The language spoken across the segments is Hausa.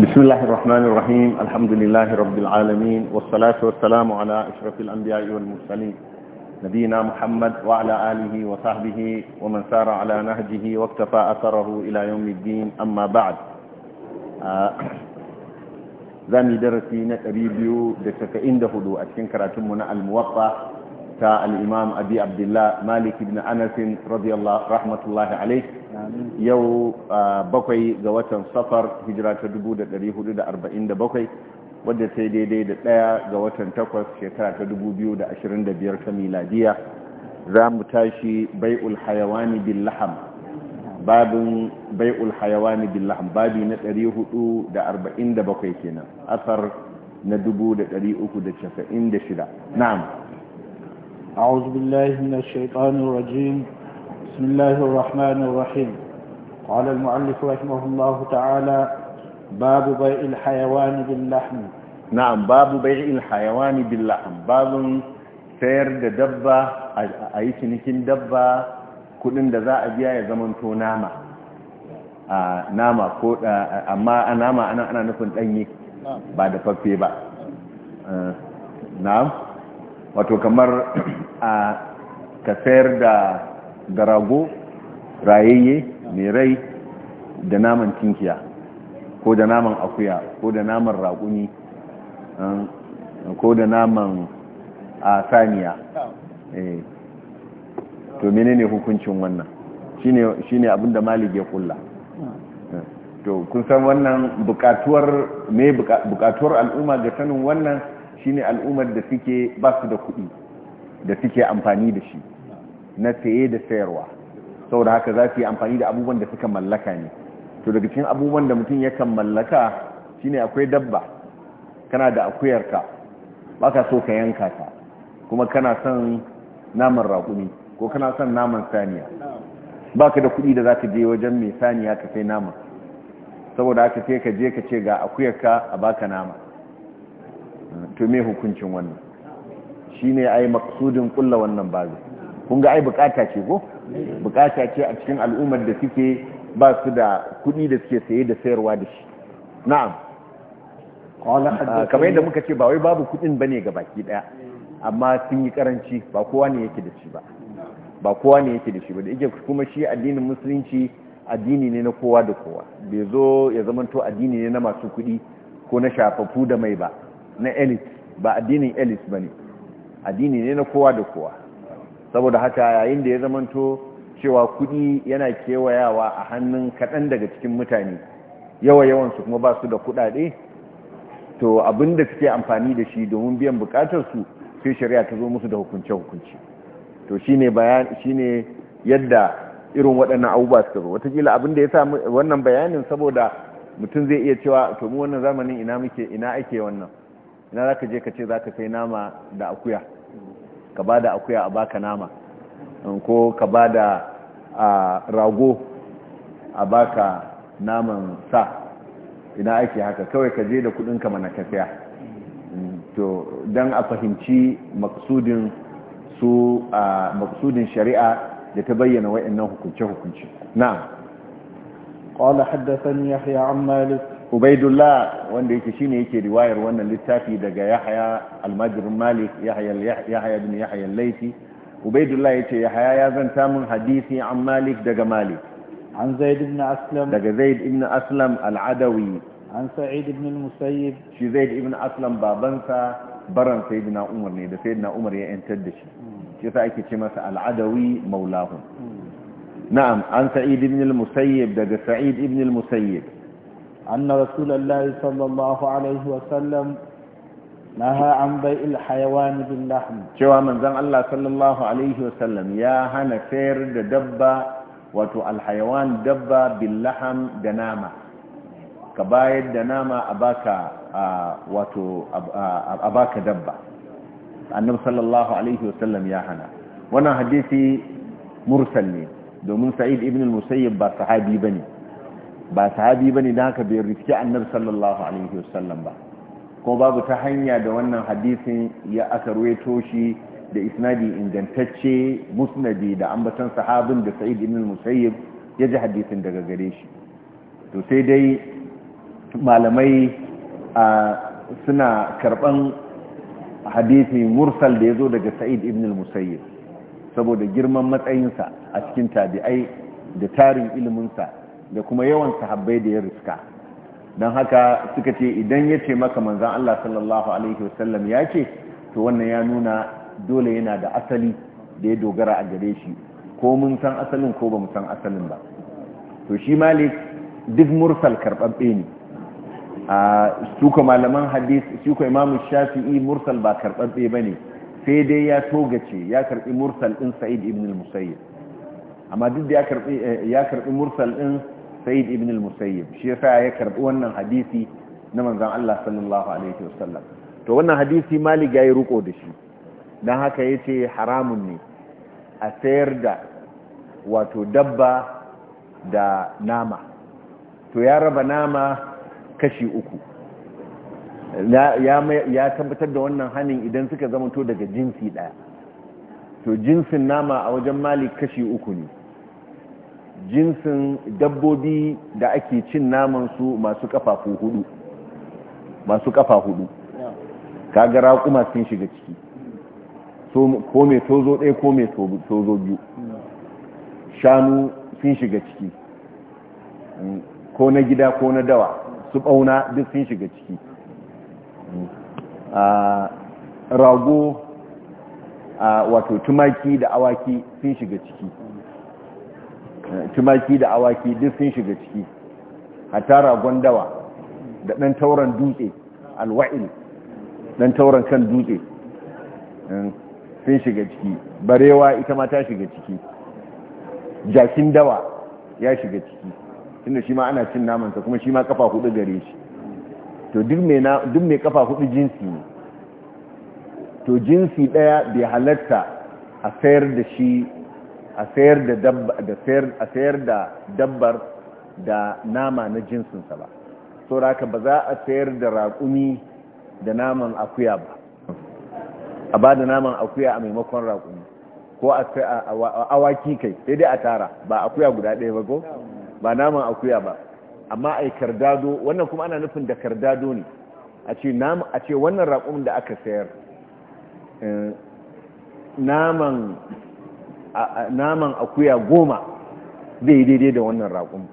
بسم الله الرحمن الرحيم الحمد لله رب العالمين والصلاة والسلام على أشرف الأنبياء والمرسلين نبينا محمد وعلى آله وصحبه ومن سار على نهجه واكتفى أثره إلى يوم الدين أما بعد زامي درسي نتريبيو دسكين دهدو أتكين كراتمنا الموقع ta al'imam abi abdullah malik ibn anasin radiyallahu rahmatullahi alaih yau uh, bakwai ga watan safar hijira ta 1447 wadda ta daidai da daya ga watan takwas shekara ta 2025 ta miladiya za mu tashi bai'ul hayawani bil laham babin bai'ul hayawani bil laham babi na 447 kenan asar na 396 na'am أعوذ بالله من الشيطان الرجيم بسم الله الرحمن الرحيم قال المؤلف رحمه الله تعالى باب بيع الحيوان باللحم نعم باب بيع الحيوان باللحم باب sayar da dabba a yi cinikin dabba kudin da za a biya ya zamanto nama a nama ko amma a nama ana nufin danye ba da faffe ba na'am wato kamar a ka sayar da garago rago rayayye mai rai da naman tinkiya ko da naman akuya ko da naman raƙuni ko da naman a saniya eh. to menene hukuncin wannan shi ne abinda malik ya kulla eh. to kun san wannan bukatuwar bukatuwar al'umma ga sanin wannan shine al'ummar da suke ba su da kuɗi da suke amfani da shi na saye da sayarwa saboda haka za su yi amfani da abubuwan da suka mallaka ne to daga cikin abubuwan da mutum yakan mallaka shine akwai dabba kana da akuyarka ka so ka yanka ta kuma kana son naman raƙumi ko kana son naman saniya Ba ka da kuɗi da za ka je wajen mai saniya ka sai naman saboda haka sai ka je ka ce ga akuyarka a baka nama to me hukuncin wannan shine ai maksudin kulla wannan bazi kunga ai bukata ce ko bukata ce a cikin al'ummar da suke ba su da kudi da suke saye da sayarwa da shi na'am ah, kamar yadda muka ce ba wai babu kudin bane ga baki daya amma sun yi karanci ba kowa ne yake da shi ba ba kowa ne yake da shi ba da yake kuma shi addinin musulunci addini ne na kowa da kowa bai zo ya zamanto addini ne na masu kudi ko na shafafu da mai ba na elit ba addinin elit ba ne addini ne na kowa da kowa saboda haka yayin da ya zamanto cewa kudi yana kewayawa a hannun kaɗan daga cikin mutane yawa-yawansu kuma ba su da kudade to abin da suke amfani da shi domin biyan su sai shari'a ta zo musu da hukunce-hukunce to shine bayan yadda irin waɗannan abubuwa suka zo watakila abin da ya sa wannan bayanin saboda mutum zai iya cewa to mu wannan zamanin ina muke ina ake wannan ina za ka je ka ce za ka sai nama da akuya ka ba da akuya a baka nama ko ka ba da rago a baka naman sa ina ake haka kawai ka je da kudinka mana ka saya mm, to don a fahimci maksudin a maksudin shari'a da ta bayyana waɗannan hukunce-hukunce na قال haddasa يحيى ya مالك ubaidullah wanda yake shine yake riwayar wannan littafi daga yahya almajirin malik yahya yahya bin yahya laifi ubaidullah yace yahya ya zanta min hadisi an malik daga malik an zaid ibn aslam daga zaid ibn aslam al-adawi an sa'id ibn al-musayyib shi zaid ibn aslam babansa baran sayyidina umar ne da sayyidina umar ya yantar da shi hmm. shi yasa ake ce masa al-adawi maulahu hmm. na'am an sa'id ibn al-musayyib daga sa'id ibn al-musayyib أن رسول الله صلى الله عليه وسلم نهى عن بيع الحيوان باللحم شوى من زن الله صلى الله عليه وسلم يا هنا سير دبا وتو الحيوان دبا باللحم دناما كبايد دناما أباك آه وتو أباك دبا النبي صلى الله عليه وسلم يا هنا وانا حديثي مرسل دومن سعيد ابن المسيب با صحابي بني ba sahabi bane dan haka bai riski annabi sallallahu alaihi wasallam ba ko babu ta hanya da wannan hadisin ya aka ruwaito shi da isnadi ingantacce musnadi da ambatan sahabin da sa'id ibn musayyib ya ji hadisin daga gare shi to sai dai malamai suna karban hadisi mursal da ya zo daga sa'id ibn musayyib saboda girman matsayinsa a cikin tabi'ai da tarin iliminsa da kuma yawan sahabbai da ya riska don haka suka ce idan ya ce maka manzan Allah sallallahu alaihi wasallam ya ce to wannan ya nuna dole yana da asali da ya dogara a gare shi ko mun san asalin ko ba mu san asalin ba to shi malik duk mursal karɓaɓɓe ne a suka malaman hadis suka imamu shafi'i mursal ba karɓaɓɓe ba ne sai dai ya ce ya karɓi mursal ɗin sa'id ibn al-musayyib amma duk da ya karɓi mursal ɗin sa'id ibn al-musayyib shi yasa ya karɓi wannan hadisi na manzon Allah sallallahu alaihi wasallam to wannan hadisi malik yayi ruko da shi dan haka yace haramun ne a sayar da wato dabba da nama to ya raba nama kashi uku ya tabbatar da wannan hannun idan suka zamanto daga jinsi daya to jinsin nama a wajen malik kashi uku ne jinsin dabbobi da ake cin naman su masu kafafu hudu masu kafa hudu kaga raƙuma sun shiga ciki ko mai tozo ɗaya ko mai tozo biyu shanu sun shiga ciki ko na gida ko na dawa su ɓauna duk sun shiga ciki rago wato tumaki da awaki sun shiga ciki tumaki da awaki duk sun shiga ciki hatta ragon dawa da ɗan tauran dutse alwa'il ɗan tauran kan dutse eh, sun shiga ciki barewa ita ma ta shiga ciki jakin dawa ya shiga ciki tunda shi ma ana cin namansa kuma shi ma kafa hudu gare shi to duk mai kafa hudu jinsi ne to jinsi daya bai halatta a sayar da shi a sayar da a sayar da dabbar da nama na jinsinsa ba sauraka ba za a sayar da raƙumi da naman akuya ba a ba da naman akuya a maimakon raƙumi ko a awaki kai daidai a tara ba akuya guda ɗaya ba ko ba naman akuya ba amma a kardado wannan kuma ana nufin da kardado ne a ce wannan raƙumin da aka sayar eh, naman naman akuya goma zai daidai da wannan rakun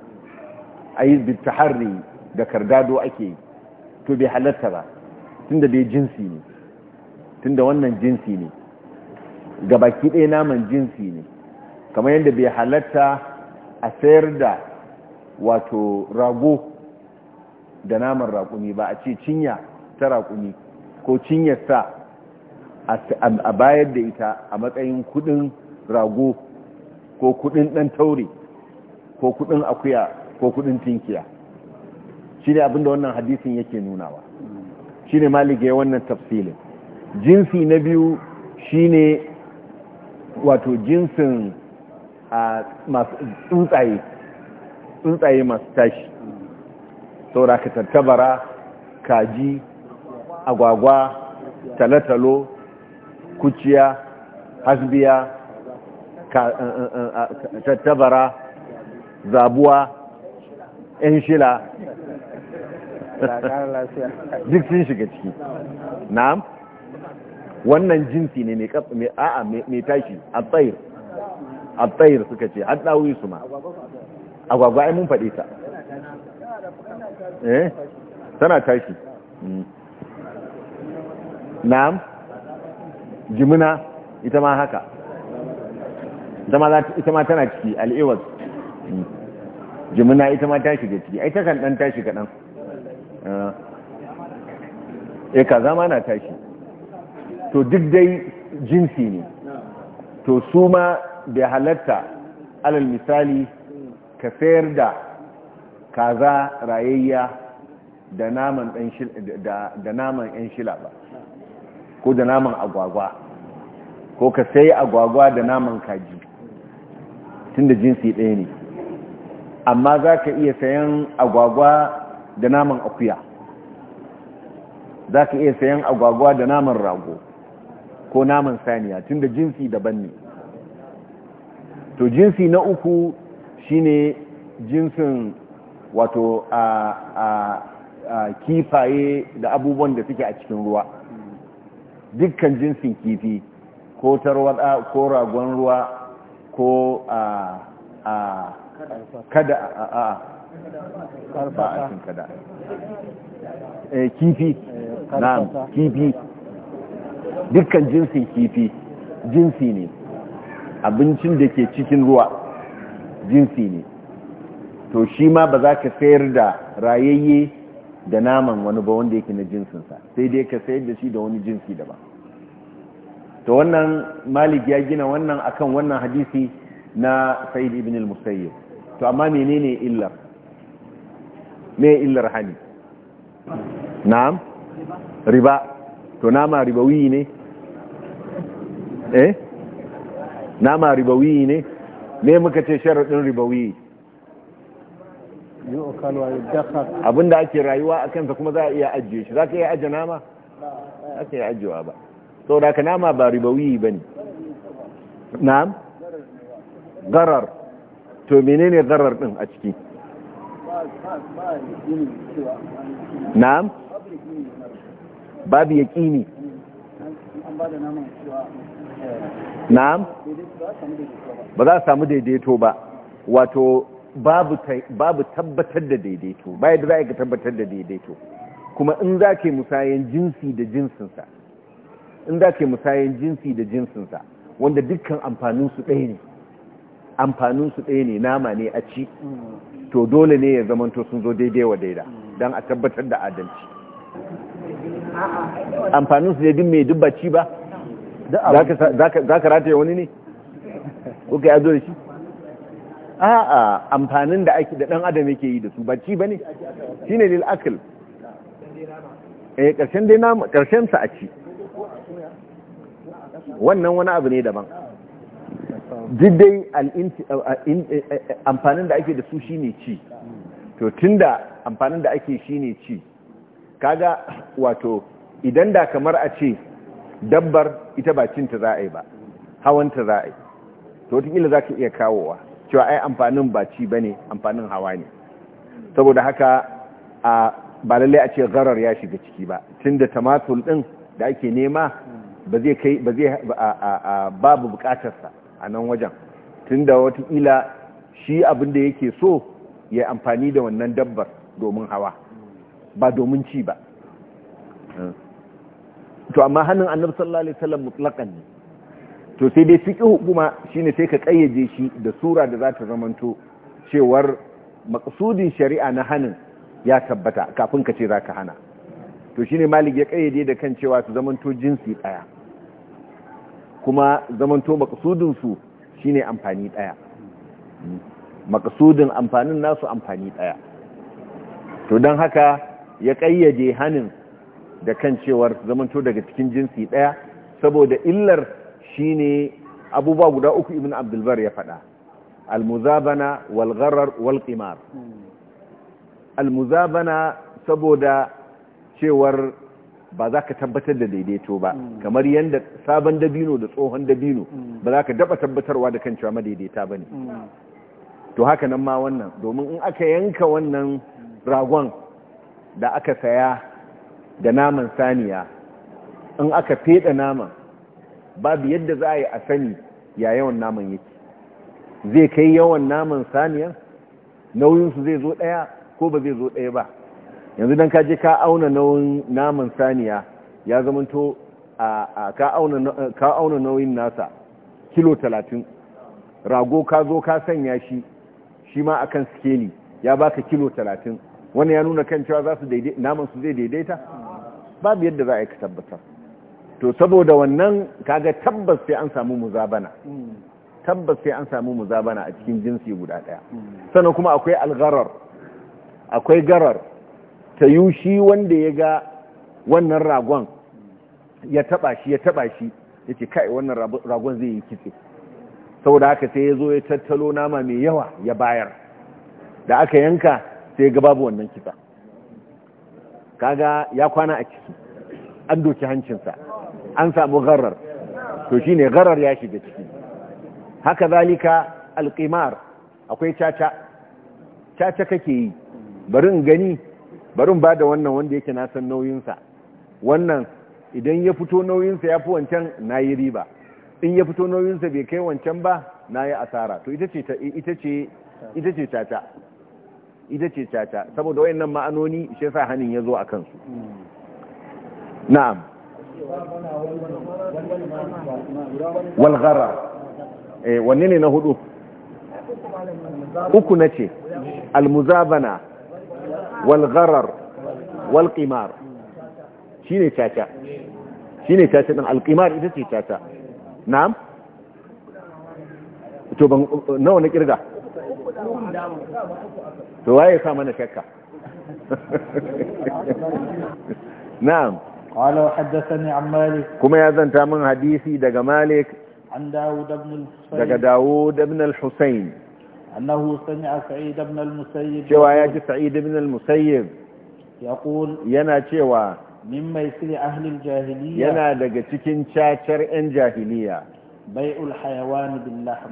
a yi bitaharri da kargado ake yi to bai halatta ba tun da bai jinsi ne tun da wannan jinsi ne ga baki ɗaya naman jinsi ne kamar yadda bai halatta a sayar da wato rago da naman raƙumi ba a ce cinya ta raƙumi ko cinyar sa a bayar da ita a matsayin kudin rago ko kudin dan taure ko kudin akuya ko kudin tinkiya shine abinda wannan hadisin yake nunawa shine ne ya wannan tafsilin jinsi na biyu shine wato jinsin a masu tsuntsaye tsuntsaye masu tashi saura ka tattabara kaji agwagwa talatalo kuciya hasbiya Eh, eh, eh, tattabara zabuwa yan shila duk sun shiga ciki na'am wannan jinsi ne mai a'a mai tashi a tsayir a tsayir suka ce an ɗawi su ma agwagwa ai mun faɗe ta eh tana tashi hmm. na'am jimina ita ma haka ita ma tana ciki al'iwas jimina ita ma ta shiga ciki ai takan dan tashi kaɗan e kaza ma na tashi to duk dai jinsi ne to su ma bai halatta alal misali ka sayar da kaza rayayya da naman yan shila ba ko da naman agwagwa ko ka sayi agwagwa da naman kaji tunda jinsi ɗaya ne amma za ka iya sayan agwagwa da naman akuya za ka iya sayan agwagwa da naman rago ko naman saniya tunda jinsi daban ne to jinsi na uku shine jinsin wato a, a, a kifaye da abubuwan da suke a cikin ruwa dukkan jinsin kifi ko tarwada ko ragon ruwa ko a a kada a a ba a cin kada eh, kifi na kifi dukkan jinsin kifi jinsi ne abincin da ke cikin ruwa jinsi ne to shi ma ba za ka sayar da rayayye da naman wani ba wanda yake na jinsinsa sai dai ka sayar da shi da wani jinsi daban to wannan malik ya gina wannan akan wannan hadisi na sa'id ibn al-musayyib to amma menene illar me illar hali na'am riba to nama ribawi ne eh nama ribawi ne me muka ce sharadin ribawi abinda ake rayuwa a kansa kuma za a iya ajiye shi za ka iya ajiye nama iya ajiyewa ba saboda ka nama ba ribawi ba ne na'am garar to menene garar din a ciki na'am babu ya ne na'am ba za a samu daidaito ba wato babu tabbatar da daidaito bayan da za a tabbatar da daidaito kuma in za ke musayen jinsi da jinsinsa in da ke musayin jinsi da jinsinsa wanda dukkan amfaninsu ɗaya ne amfaninsu ɗaya ne nama ne a ci to dole ne ya to sun zo daidai wa daida don a tabbatar da adalci amfaninsu ne duk mai ci ba za ka rataye wani ne kuka ya zo da shi a'a amfanin da ake da ɗan adam yake yi da su bacci ba ne shi ne lil'akil eh, ƙarshen dai nama ƙarshen sa a ci wannan wani abu ne daban duk dai amfanin da ake da su shine ci to tunda amfanin da ake shine ci kaga wato idan da kamar a ce dabbar ita ba cinta za a yi ba hawanta za a yi to wataƙila za ka iya kawowa cewa ai amfanin ba ci ba ne amfanin hawa ne saboda haka a ba lallai a ce gharar ya shiga ciki ba tunda tamatul din da ake nema ba zai kai ba zai babu bukatarsa a nan wajen tun tunda watakila shi abin da yake so ya amfani da wannan dabbar domin hawa ba domin ci ba to amma hannun annabi sallallahu alaihi wasallam mutlaqan ne to sai dai fiqh hukuma shine sai ka kayyade shi da sura da za ta zamanto cewar maqsudin shari'a na hannun ya tabbata kafin ka ce zaka hana to shine malik ya kayyade da kan cewa su zamanto jinsi ɗaya. kuma zamanto makasudinsu su shine amfani ɗaya makasudin amfanin nasu amfani ɗaya to don haka ya ƙayyade hannun da kan cewar zamanto daga cikin jinsi ɗaya saboda illar shine ne abubuwa guda uku ibn abdulbar ya faɗa almuzabana walgharar walƙimar almuzabana saboda cewar ba za ka tabbatar da daidaito ba kamar yadda sabon dabino da tsohon dabino ba za ka daba tabbatarwa da kan cewa madaidaita ba ne to haka nan ma wannan domin in aka yanka wannan ragon da aka saya da naman saniya in aka feɗa naman babu yadda za a yi a sani ya yawan naman yake zai kai yawan naman saniya nauyinsu zai zo ɗaya ko ba zai zo ɗaya ba yanzu don ka ka auna nauyin naman saniya ya zamanto to ka auna nauyin nasa kilo talatin rago ka zo ka sanya shi shi ma akan skeli ya baka kilo talatin wani ya nuna kan cewa za su naman su zai daidaita babu yadda za a yi ka tabbatar to saboda wannan kaga tabbas sai an samu muzabana tabbas sai an samu muzabana a cikin jinsi guda daya hmm. sannan kuma akwai algarar akwai garar ta yi shi wanda ya ga wannan ragon ya taba shi ya taba shi ya ce kai wannan ragon zai yi kitse saboda haka sai ya zo ya tattalo nama mai yawa ya bayar da aka yanka sai ga babu wannan kitsa kaga ya kwana a ciki an doki hancinsa an samu garar to shi ne garar ya shiga ciki haka zalika alƙimar akwai caca caca kake yi bari in gani barin ba da wannan wanda yake na san nauyinsa wannan idan ya fito nauyinsa ya fi wancan na yi riba in ya fito nauyinsa bai kai wancan ba na yi asara to ita ce caca ita ce caca saboda wayannan ma'anoni shi sa hannun ya zo a kansu na'am walgara eh, wanne ne na hudu uku na ce almuzabana walgharar walƙimar shi ne caca shine ne caca ɗin alƙimar ita ce caca na'am to ban nawa na kirga to waye sa mana shakka na'am قال وحدثني عن مالك كما يزن تامن حديثي دغ مالك عن داود داود بن الحسين أنه سمع سعيد بن المسيب شوى يا سعيد بن المسيب يقول ينا شوى مما يصير أهل الجاهلية ينا دقى تكين شاشر إن جاهلية بيع الحيوان باللحم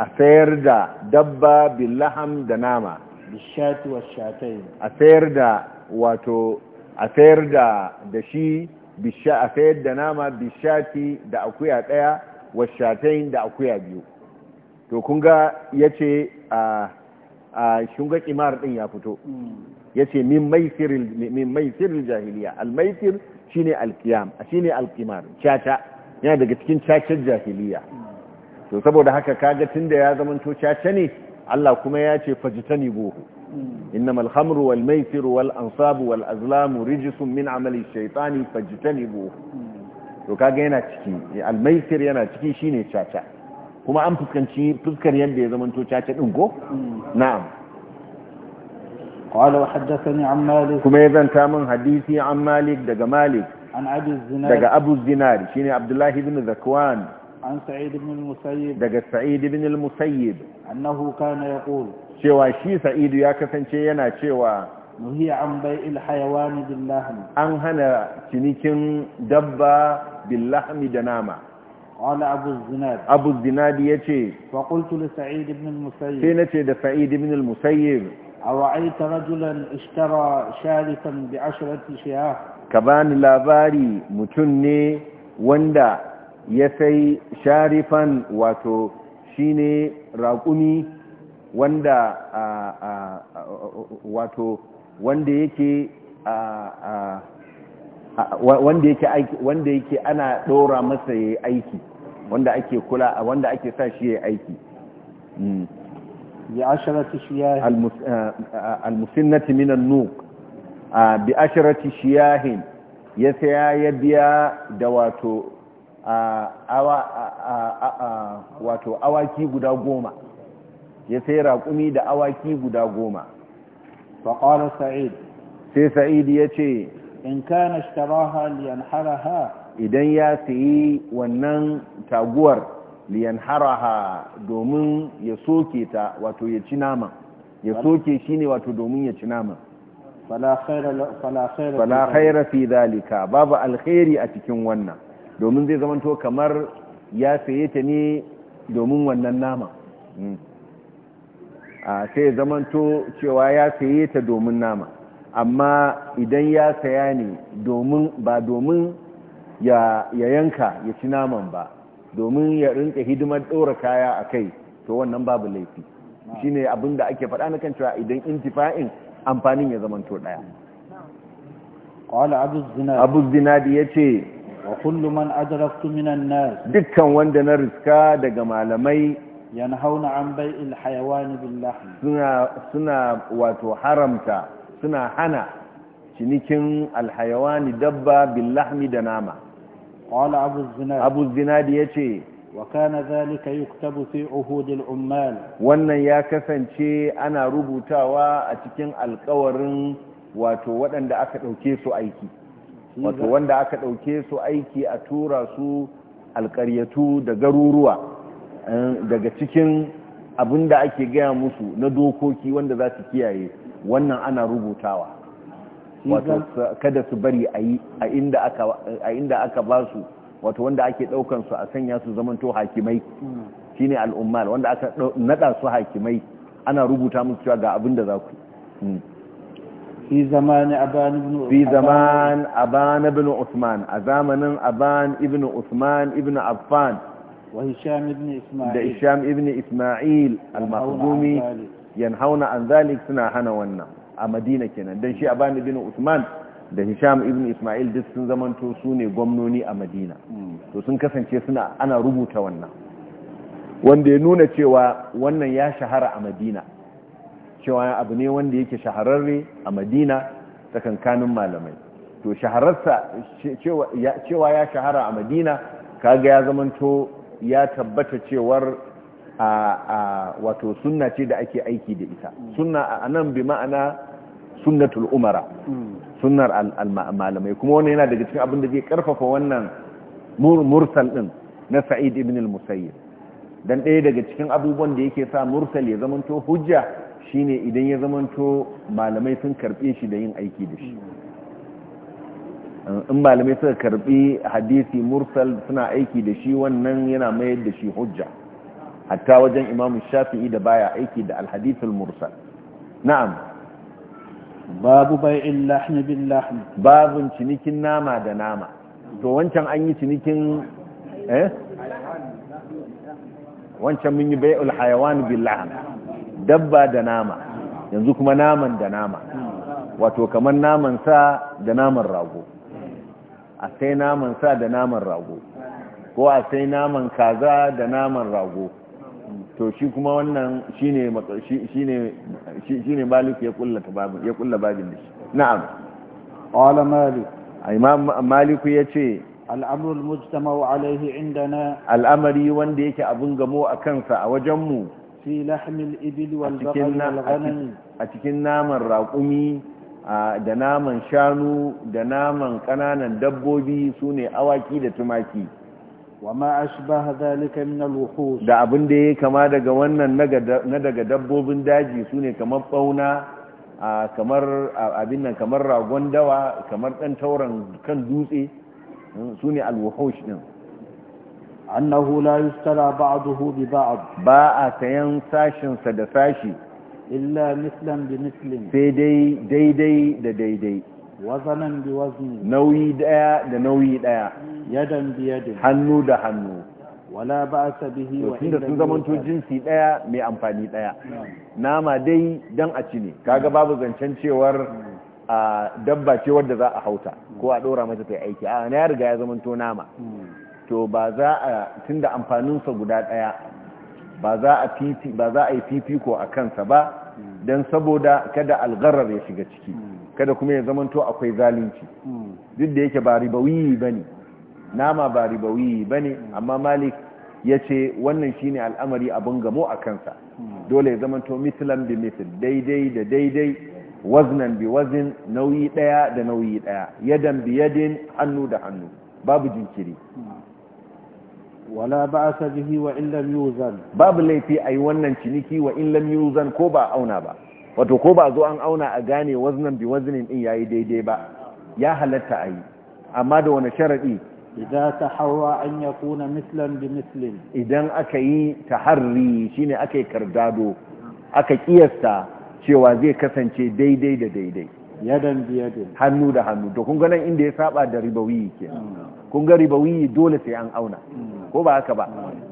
أسير دا دبا باللحم دناما بالشات والشاتين أسير دا واتو أسير دا دشي بالشا أسير دناما بالشاتي دا أكوية تايا والشاتين دا أكوية بيو to kunga yace a a shunga kimar din ya fito yace min maisiril min jahiliya al maisir shine al qiyam shine al qimar chacha yana daga cikin cacar jahiliya to saboda haka kaga tunda ya zamanto chacha ne Allah kuma ya ce fajitani buhu innamal khamru wal maisir wal ansabu wal azlamu rijsun min amali shaytani fajitani buhu to kaga yana ciki al yana ciki shine caca. kuma an fuskanci fuskar yadda ya zamanto caca din ko na'am qala haddathani an malik kuma ya zanta min hadisi an malik daga malik an abi zinari daga abu zinari shine abdullahi ibn zakwan an sa'id ibn musayyib daga sa'id ibn musayyib annahu kana yaqul cewa shi sa'id ya kasance yana cewa nuhi an bai'il hayawani bil an hana cinikin dabba bil da nama قال أبو الزناد أبو الزناد يتي فقلت لسعيد بن المسيب سينتي ده سعيد بن المسيب أرأيت رجلا اشترى شارفا بعشرة شهاه كبان لاباري متني وندا يسي شارفا واتو شيني راقمي وندا آآ آآ واتو wanda yake a wanda yake aiki wanda yake ana dora masa yayi aiki wanda ake kula wanda ake sa shi yayi aiki hmm. bi asharati shiyah eh, eh, al musinnati min an nuq ah, bi asharati shiyah ya saya ya biya da wato awa wato awaki guda goma ya sai raƙumi da awaki guda goma faƙarar sa'id sai sa'id ya ce in kana ishtaraha liyanharaha idan ya sayi wannan taguwar liyanharaha domin ya soke ta wato ya ci nama ya soke shi ne wato domin ya ci nama fala khaira fi zalika babu alkhairi a cikin wannan domin zai zamanto kamar ya saye ta ne domin wannan nama a sai zamanto cewa ya saye ta domin nama amma idan ya saya ne ba domin ya yanka ya ci naman ba domin ya rinka hidimar ɗora kaya a kai to wannan babu laifi shi ne abinda ake faɗa na kan cewa idan intifa'in amfanin ya to ɗaya abu zinadi ya ce wa kullum an adaraktu minan na dukkan wanda na riska daga malamai hauna an bai'il hayawani billahi suna suna wato haramta suna hana cinikin alhayawani dabba lahmi da nama qala abu zinadi abu zinadi yace wa kana zalika yuktabu fi uhud al-ummal wannan ya kasance ana rubutawa a cikin alƙawarin wato waɗanda aka ɗauke su aiki wato wanda aka ɗauke su aiki a tura su alƙaryatu da garuruwa eh, daga cikin abinda ake gaya musu na dokoki wanda za su kiyaye wannan ana rubutawa wato kada su bari a inda aka ba su wato wanda ake daukan su a sanya su zamanto hakimai hmm. shine al'ummal wanda aka nada su hakimai ana rubuta musu cewa ga abin da za ku hmm. fi zaman aban ibn usman a zamanin aban ibn usman ibn affan da isham ibn isma'il al-makhzumi Yan yanhauna an zalik suna hana wannan a madina kenan dan shi a bani bin usman da hisham ibn isma'il duk sun zamanto su ne gwamnoni a madina hmm. to sun kasance suna ana rubuta wannan wanda ya nuna cewa wannan ya shahara a madina cewa abu ne wanda yake shahararre a madina tsakankanin malamai to shahararsa cewa ya shahara a madina kaga ya zamanto ya tabbata cewar a wato sunna ce da ake aiki da ita mm. sunna a nan bi ma'ana sunnatul umara mm. sunnar malamai kuma wannan yana daga cikin abin da zai karfafa wannan mursal din na sa'id ibn al-musayyib dan ɗaya daga cikin abubuwan da yake sa mursal ya zamanto hujja shine idan ya zamanto malamai sun karbe shi da yin aiki da shi mm. in malamai suka karbi hadisi mursal suna aiki da shi wannan yana mayar da shi hujja hatta wajen imam shafi'i da baya aiki da alhadithul mursal na'am babu bai'in lahmi bil lahmi babun cinikin nama da nama to wancan an yi cinikin eh wancan mun yi bai'ul hayawan bil lahmi dabba da nama yanzu kuma naman da nama wato kamar naman sa da naman rago a sai naman sa da naman rago ko a sai naman kaza da naman rago to shi kuma wannan shine shine shine malik ya kulla babin ya kulla babin shi na'am qala malik imam malik yace al'amru al-mujtama'u alayhi indana al'amari wanda yake abun gamo a kansa a wajen mu fi lahmil ibil wal baqal wal ghanam a cikin naman raƙumi da naman shanu da naman ƙananan dabbobi sune awaki da tumaki وما أشبه ذلك من الوحوش da abin da yake kama daga wannan na daga dabbobin daji sune kamar fauna kamar abin nan kamar ragon dawa kamar dan tauran kan dutse hmm, sune alwuhush din annahu la yustara ba'dahu bi ba'd ba a tayan sashin sa da sashi illa mislan bi mislin sai dai daidai da daidai wazanan bi wazni nauyi daya da nauyi daya yadan bi yadin hannu da hannu wala ba'sa bihi wa inda sun to jinsi daya mai amfani daya hmm. nama dai dan a ci ne kaga hmm. babu zancen cewar hmm. a dabba ce wadda za a hauta ko a dora mata ta aiki a na riga ya to nama to ba za a tunda amfaninsa guda daya ba za a ba za a yi fifiko a kansa ba dan saboda kada algarar ya shiga ciki kada kuma ya zamanto akwai zalunci duk da yake ba ribawi bane nama ba ribawi bane amma malik ya ce wannan shine al'amari a gamo a kansa dole ya zamanto mitlan bi mitl daidai da daidai waznan bi wazn nauyi daya da nauyi daya yadan bi yadin hannu da hannu babu jinkiri wala ba'sa bihi wa in lam yuzan babu laifi ai wannan ciniki wa in lam yuzan ko ba auna ba wato ko ba zo an auna a gane waznan bi waznin din yayi daidai ba ya halatta a yi amma da wani sharaɗi idan ta hawa an ya kuna mislan bi mislin idan aka yi taharri shine aka yi kardado aka kiyasta cewa zai kasance daidai da daidai yadan bi yadin hannu da hannu to kun ga nan inda ya saba da ribawi ke kun ga ribawi dole sai an auna mm. ko ba haka ba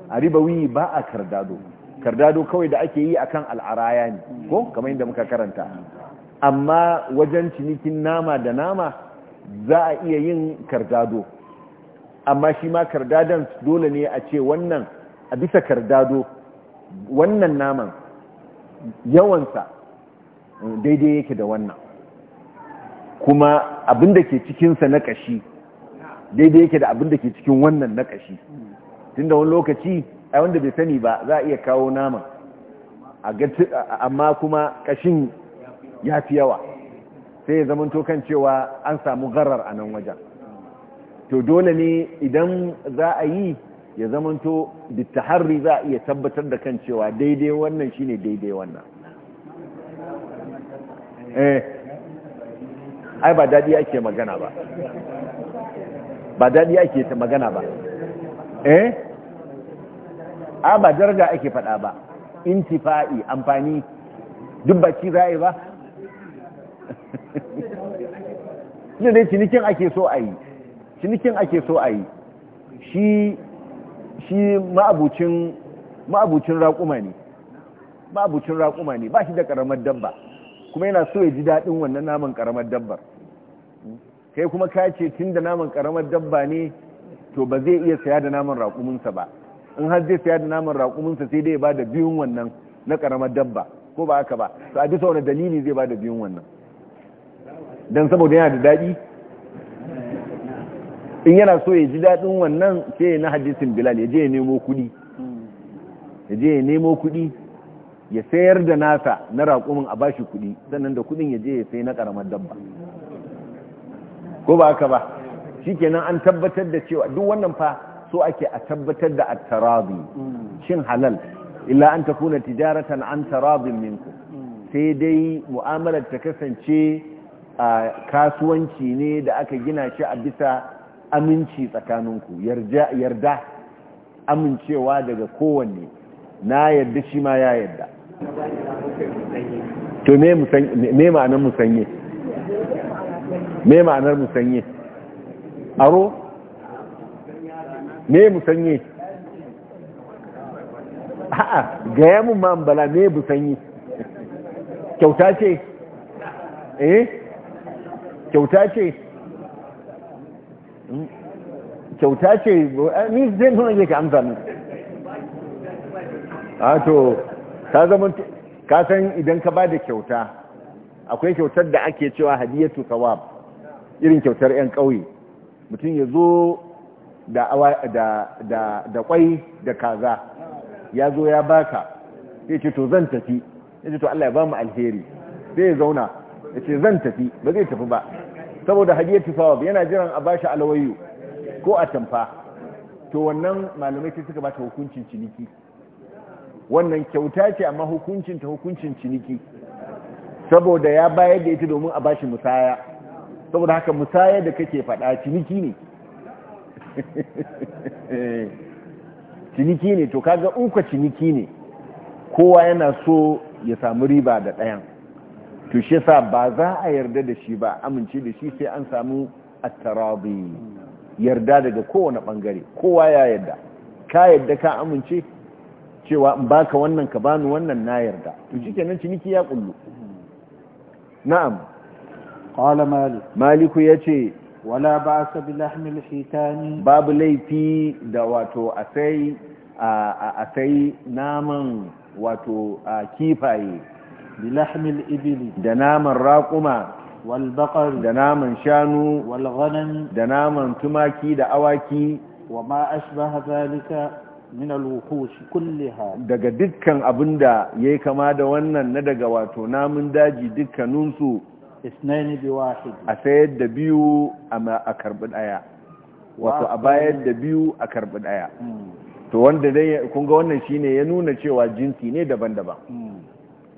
a ribawi ba a kardado kardado kawai da ake yi akan al'araya ne ko kamar yadda muka karanta amma wajen cinikin nama da nama za a iya yin kardado amma shi ma kardadon dole ne a ce wannan a bisa kardado wannan naman yawansa eh, daidai yake da wannan kuma abin da ke cikinsa na kashi daidai yake da abin da ke cikin wannan na kashi da wani lokaci ai wanda bai sani ba za a iya kawo naman amma kuma kashin ya fi yawa sai ya zamanto kan cewa an samu garar a nan wajen to dole ne idan za a yi ya zamanto bitaharri za a iya tabbatar da kan cewa daidai wannan shine daidai wannan eh. ai ba daɗi ake magana ba ba daɗi ake magana ba eh a ba daraja ake faɗa ba intifa'i amfani duk baki ra'ayi ba ne dai cinikin ake so a yi cinikin ake so a yi shi shi ma'abucin ma'abucin raƙuma ne ma'abucin raƙuma ne ba shi da ƙaramar dabba kuma yana so ya ji daɗin wannan naman ƙaramar dabbar kai kuma ka ce tun da naman ƙaramar dabba ne to ba zai iya saya da naman raƙuminsa ba in har zai saya da naman raƙuminsa sai dai ba da biyun wannan na ƙaramar dabba ko ba haka ba to a bisa wani dalili zai ba da biyun wannan don saboda yana da daɗi in yana so ya ji daɗin wannan sai na hadisin bilal ya je ya nemo kuɗi ya je ya nemo kuɗi ya sayar da nasa na raƙumin a bashi kuɗi sannan da kuɗin ya je ya sai na ƙaramar dabba ko ba haka ba shikenan an tabbatar da cewa duk wannan fa so ake a tabbatar da at-tarabi shin halal illa an takuna tijaratan an tarabin minku sai dai mu'amalar ta kasance a kasuwanci ne da aka gina shi a bisa aminci tsakaninku yarda amincewa daga kowanne na yarda shi ma ya yarda to me ma'anar musanye me ma'anar musanye aro me musanye a'a gaya mun ma'am bala me musanye kyauta ce eh kyauta ce hmm? kyauta ce ni zai nuna yake ka amsa min a to ka zama ka san idan ka ba da kyauta akwai kyautar da ake cewa hadiyatu kawab irin kyautar 'yan ƙauye mutum ya zo da awa da da da kwai da kaza ya zo ya baka sai ce to zan tafi ya ce to Allah ya ba mu alheri sai ya zauna ya ce zan tafi ba zai tafi ba saboda hadiyatu sawab yana jiran a bashi alwayu ko a tamfa to wannan malamai sai suka bata hukuncin ciniki wannan kyauta ce amma hukuncin ta hukuncin ciniki saboda ya bayar da ita domin a bashi musaya saboda haka musaya da kake faɗa ciniki ne ciniki ne to kaga uka ciniki ne kowa yana so ya samu riba da ɗayan to shi sa ba za a yarda da shi ba amince da shi sai an samu attarabi yarda daga kowane ɓangare kowa ya yarda ka yarda ka amince cewa in baka wannan ka bani wannan na yarda to shi kenan ciniki ya kullu na'am qala malik maliku yace wala ba sa bilahmil hitani babu laifi da wato a a sai naman wato kifaye bilahmil ibili da naman raƙuma walbaƙar da naman shanu ghanam da naman tumaki da awaki wa ma ashbaha zalika min alwuhush kulliha daga dukkan abinda yayi kama da wannan na daga wato namun daji dukkaninsu اثنين بواحد wahid a sayar da biyu a karbi daya wato a bayar da biyu a karɓi ɗaya hmm. to wanda dai kun ga wannan shine ya nuna cewa jinsi ne daban-daban hmm.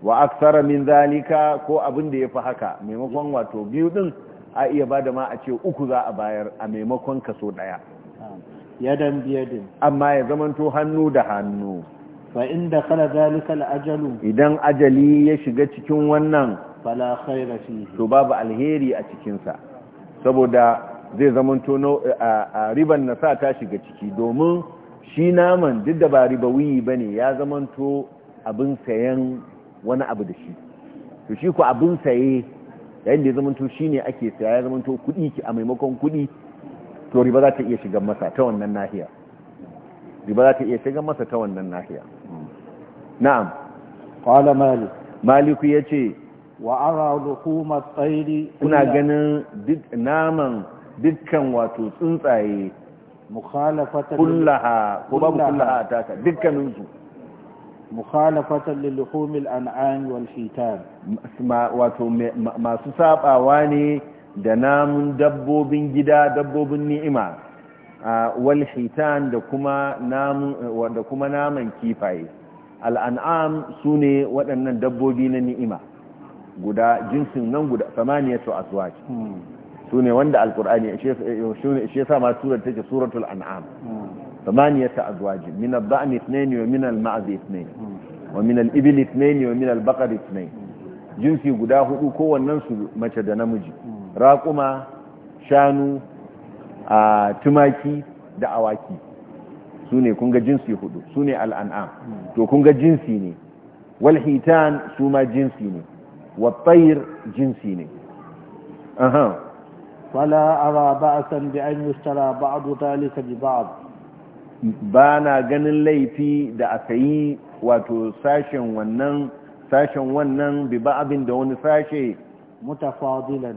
wa aksara min zalika ko abin da yafi haka maimakon wato biyu din a iya bada ma a ce uku za a bayar a maimakon kaso daya hmm. biya din amma ya zamanto hannu da hannu fa inda kala zalika al ajalu idan ajali ya shiga cikin wannan fala khaira fihi to babu alheri a cikin sa saboda zai zamanto no a riban nasa ta shiga ciki domin shi naman duk da ba ribawi bane ya zamanto abin sayan wani abu da shi to shi ko abin saye yayin da ya zamanto shine ake saya ya zamanto kudi ki a maimakon kudi to riba za ta iya shiga masa ta wannan nahiya riba za ta iya shiga masa ta wannan nahiya na'am qala malik maliku yace wa ara luhuma tsairi kuna ganin naman dukkan wato tsuntsaye mukhalafatan kullaha ko babu kullaha ataka dukkaninsu mukhalafatan lil luhumil an'am wal fitan wato masu sabawa ne da namun dabbobin gida dabbobin ni'ima wal hitan da kuma namun da kuma naman kifaye al'an'am su ne waɗannan dabbobi na ni'ima guda jinsin nan guda samaniyatu Su sune wanda alqur'ani shi yasa ma surar take suratul an'am samaniyatu azwaj min al dan ithnayn wa min al-ma'z ithnayn wa min al-ibil ithnayn wa min al-baqar ithnayn jinsi guda hudu wannan su mace da namiji raquma shanu a tumaki da awaki sune kunga jinsi hudu sune al-an'am to kunga jinsi ne wal hitan su ma jinsi ne والطير جنسي اها فلا ارى باسا بان يشترى بعض ذلك ببعض بانا ganin laifi da aka yi wato sashen wannan sashen wannan bi da wani sashe mutafadilan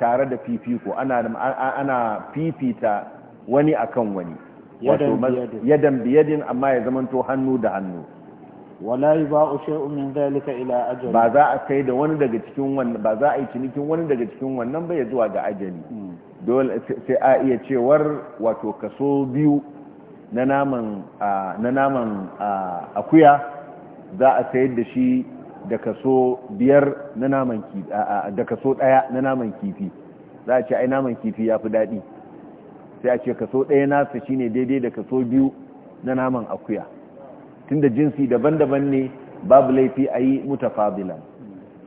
tare da fifiko ana ana fifita wani akan wani wato yadan biyadin amma ya zamanto hannu da hannu wala yuba'u shi umin zalika ila ajali ba za a kai da wani daga cikin wannan ba za a yi cinikin wani daga cikin wannan ba ya zuwa ga ajali hmm. dole sai a iya cewar wato kaso biyu na naman akuya za a sayar da shi da kaso biyar na naman da kaso daya na naman kifi za a ce ai naman kifi ya fi daɗi sai a ce kaso ɗaya nasa ne daidai da kaso biyu na naman akuya tunda jinsi daban-daban ne babu laifi a yi mutafadilan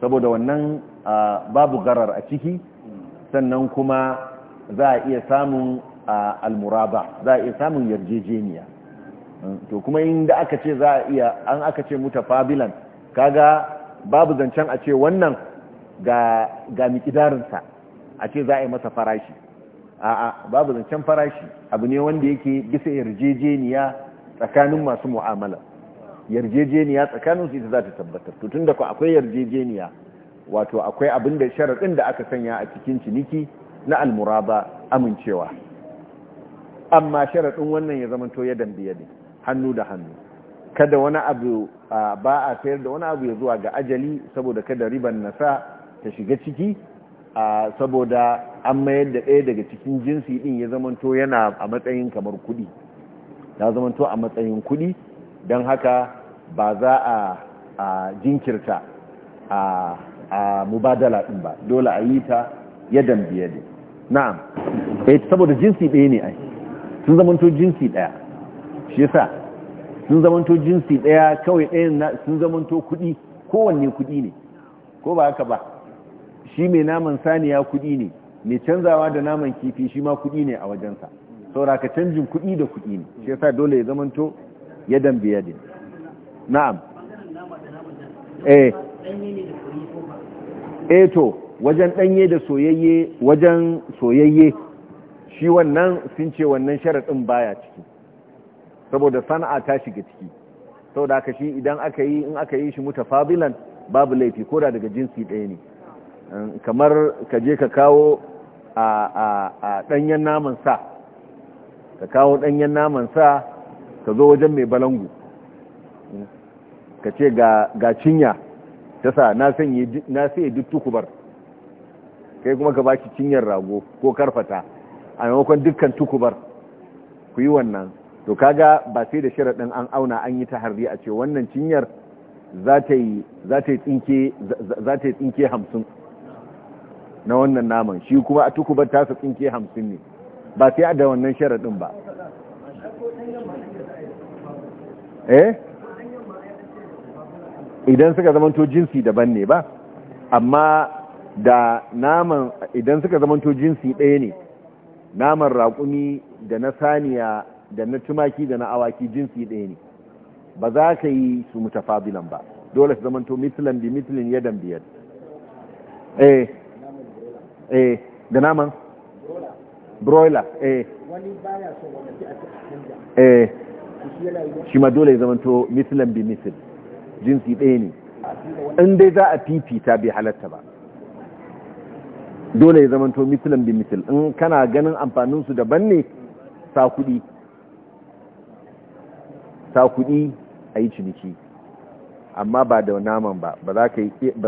saboda wannan babu garar a ciki sannan kuma za a iya samun almuraba za a iya samun yarjejeniya to kuma inda aka ce za a iya an aka ce mutafabilan kaga babu zancen a ce wannan ga mikidarinsa a ce za a yi masa farashi a'a babu zancen farashi abu ne wanda yake bisa yarjejeniya tsakanin masu mu'amala yarjejeniya tsakanin su ita za ta tabbatar to tunda ku akwai yarjejeniya wato akwai abin da sharaɗin da aka sanya a cikin ciniki na almuraba amincewa amma sharaɗin wannan ya zamanto ya dambiya ne hannu da hannu kada wani abu ba a sayar da wani abu ya zuwa ga ajali saboda kada riban nasa ta shiga ciki saboda an mayar da ɗaya daga cikin jinsi ɗin ya zamanto yana a matsayin kamar kuɗi ya to a matsayin kuɗi don haka ba za a jinkirta a mubadala ɗin ba dole a yi ta yadan biye ne na'am eh, saboda jinsi ɗaya ne ai sun to jinsi ɗaya shi yasa sun to jinsi ɗaya kawai ɗayan sun to kuɗi kowanne kuɗi ne ko ba haka ba shi mai naman saniya kuɗi ne mai canzawa da naman kifi shi ma kuɗi ne a wajensa saura ka canjin kuɗi da kuɗi ne shi yasa dole ya zamanto ya dambe yadin na'am eh. eh to wajen ɗanye da soyayye wajen soyayye shi wannan sun ce wannan sharaɗin baya ciki saboda sana'a ta shiga ciki saboda aka shi idan aka yi in aka yi shi muta fabilan babu laifi ko da daga jinsi ɗaya ne kamar ka je ka kawo a ɗanyen naman sa ka kawo ɗanyen naman sa ka zo wajen mai balangu ka ce ga cinya ta sa na sanye duk tukubar kai kuma ka baki cinyar rago ko karfata a maimakon dukkan tukubar ku yi wannan to kaga ba sai da sharaɗin an auna an yi ta harri a ce wannan cinyar za ta yi tsinke hamsin na wannan naman shi kuma a tukubar tasa tsinke hamsin ne ba sai da wannan sharaɗin ba eh idan suka zamanto jinsi daban ne ba amma da naman idan suka zamanto jinsi ɗaya ne naman raƙumi da na saniya da na tumaki da na awaki jinsi ɗaya ne ba za ka yi su mutafabilan ba dole su zamanto mitlan bi mitlin yadan biyar eh eh da naman broiler eh wani baya so wanda ci a eh shi ma dole ya zamanto mislan bi misl jinsi ɗaya ne in dai za a fifita bai halatta ba dole ya zamanto mislan bi misl in kana ganin amfanin su daban ne sa kuɗi sa kuɗi a yi ciniki amma ba da naman ba ba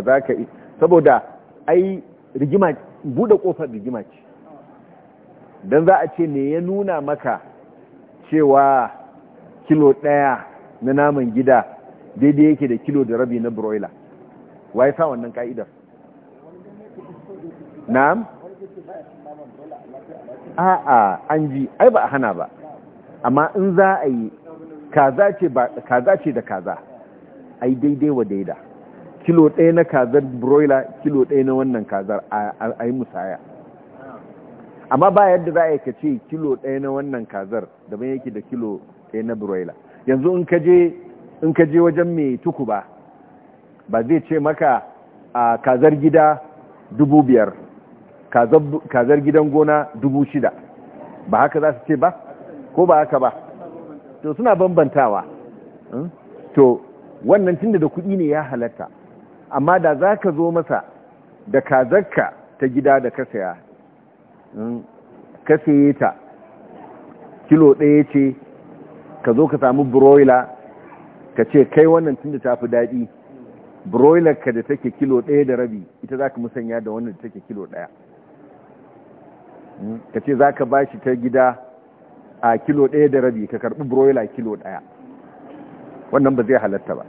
za ka yi saboda ai rigima buɗe ƙofar rigima ce don za a ce me ya nuna maka cewa kilo ɗaya na naman gida daidai yake da kilo da rabi na broiler wa ya sa wannan ka'idar na'am a'a an ji ai ba a hana ba amma in za a yi kaza ce da kaza ai daidai wa daida kilo ɗaya na kazar broiler kilo ɗaya na wannan kazar a yi musaya amma ba yadda za a yi ce kilo ɗaya na wannan kazar da daban yake da kilo ɗaya na broiler yanzu in ka je wajen mai tuku ba ba zai ce maka a kazar gida dubu biyar kazar gidan gona dubu shida ba haka za su ce ba ko ba haka ba to suna bambantawa hmm? to wannan tunda da kuɗi ne ya halatta amma da za ka zo masa da kazarka ta gida da ka saya Hmm? ka saye ta kilo ɗaya ce ka zo ka samu broiler ka ce kai wannan tun da ta fi daɗi broiler ka da take kilo ɗaya da rabi ita za ka musanya da wannan da take kilo ɗaya hmm? ka ce za ka ba shi ta gida a kilo ɗaya da rabi ka karɓi broiler kilo ɗaya wannan ba zai halatta ba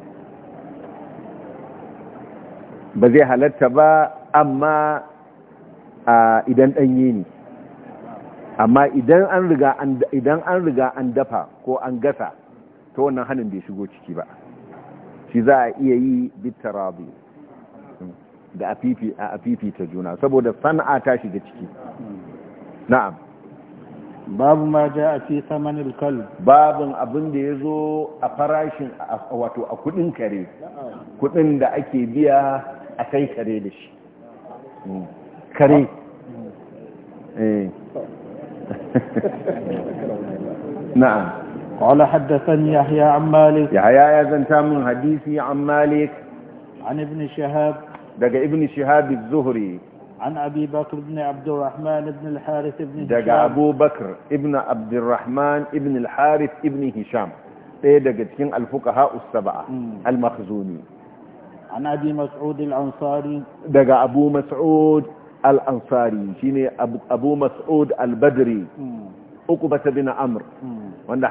ba zai halatta ba amma idan ɗanye ne amma idan an riga an idan an riga an dafa ko an gasa to wannan hannun bai shigo ciki ba shi za a iya yi bitarabi da afifi a afifi ta juna saboda sana'a ta shiga ciki na'am babu ma ja a fi samanin kal. babin abin da ya zo a farashin wato a kudin kare kudin da ake biya a kai kare da shi hmm. عسكري آه. إيه. نعم قال حدثني يحيى عن مالك يحيى يا زنتام حديثي عن مالك عن ابن شهاب دقى ابن شهاب الزهري عن أبي بكر بن عبد الرحمن بن الحارث بن هشام دقى أبو بكر ابن عبد الرحمن ابن الحارث ابن هشام إيه دقى تكين الفقهاء السبعة المخزوني عن أبي مسعود الأنصاري دقى أبو مسعود al-ansari shine abu mas'ud al-badri uku ba ta wanda amur wanda